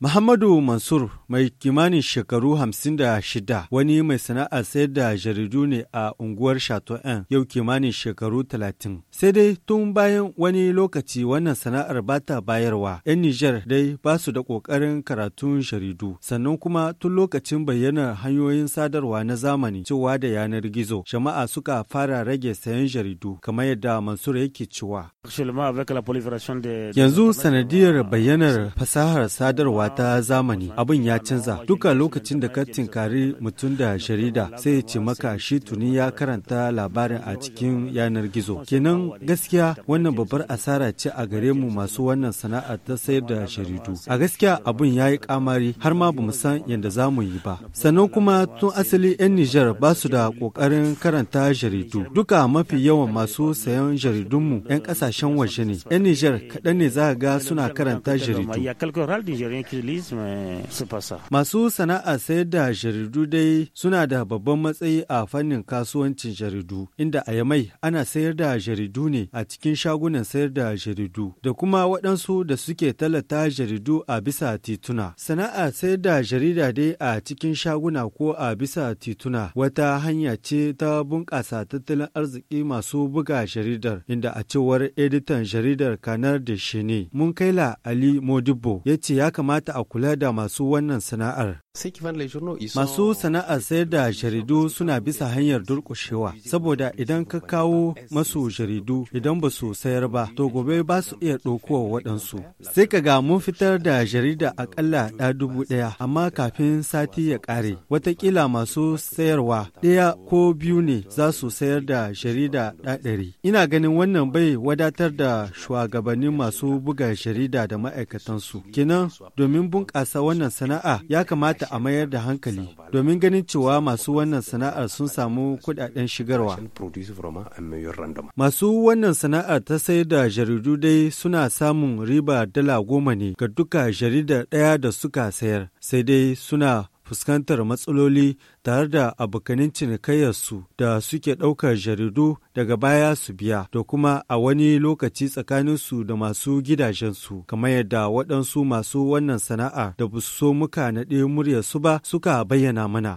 Muhammadu Mansur mai kimanin shekaru hamsin da shida, wani mai sana'ar sayar da jaridu ne a unguwar Chateauin yau kimanin shekaru talatin. Sai dai tun bayan wani lokaci wannan sana'ar ba ta bayarwa. 'Yan Nijar dai ba su da ƙoƙarin karatun jaridu. Sannan kuma tun lokacin bayyanar hanyoyin sadarwa na zamani cewa da yanar gizo, jama'a suka fara rage sayan jaridu kamar yadda Mansur yake cewa. Yanzu sanadiyar bayyanar fasahar sadarwa ta zamani abin ya canza duka lokacin da ka tinkari mutum da jarida sai ya ce maka shi tuni ya karanta labarin a cikin yanar gizo kenan gaskiya wannan babbar asara ce a gare mu masu wannan sana'a ta sayar da jaridu a gaskiya abin ya yi kamari har ma bamu san yadda za mu yi ba sannan kuma tun asali 'yan nijar ba su da kokarin karanta jaridu duka mafi yawan masu sayan jaridunmu 'yan kasashen waje ne 'yan nijar kaɗan ne za ga suna karanta jaridu Masu sana'a sayar da jaridu dai suna da babban matsayi a fannin kasuwancin jaridu, inda a Yamai ana sayar da jaridu ne a cikin shagunan sayar da jaridu da kuma waɗansu da suke talata jaridu a bisa tituna. Sana'a sayar da jarida dai a cikin shaguna ko a bisa tituna wata hanya ce ta bunƙasa tattalin arziki masu buga jaridar, inda a cewar editan jaridar kanar da shi ne. Mun la Ali Modibo ya ce ya kamata kamata a kula da masu wannan sana'ar. Masu sana'ar sayar da jaridu suna bisa hanyar durƙushewa, saboda idan ka kawo masu jaridu idan ba su sayar ba, to gobe ba su iya ɗaukowa waɗansu. Sai ka ga mun fitar da jarida aƙalla ɗa dubu ɗaya, amma kafin sati ya ƙare, watakila masu sayarwa ɗaya ko biyu ne za su sayar da jarida ɗa ɗari. Ina ganin wannan bai wadatar da shugabannin masu buga jarida da ma'aikatansu. Kenan domin domin bunƙasa wannan sana'a ya kamata a mayar da hankali domin ganin cewa masu wannan sana'ar sun samu kuɗaɗen shigarwa. Masu wannan sana'ar ta sayar da jaridu dai suna samun riba dala goma ne ga duka jarida ɗaya da suka sayar sai dai suna fuskantar matsaloli tare da abokanin cinikayyarsu da suke ɗaukar jaridu daga baya su biya da kuma a wani lokaci tsakaninsu da masu gidajensu kamar yadda waɗansu masu wannan sana'a da ba so muka naɗe muryarsu ba suka bayyana mana.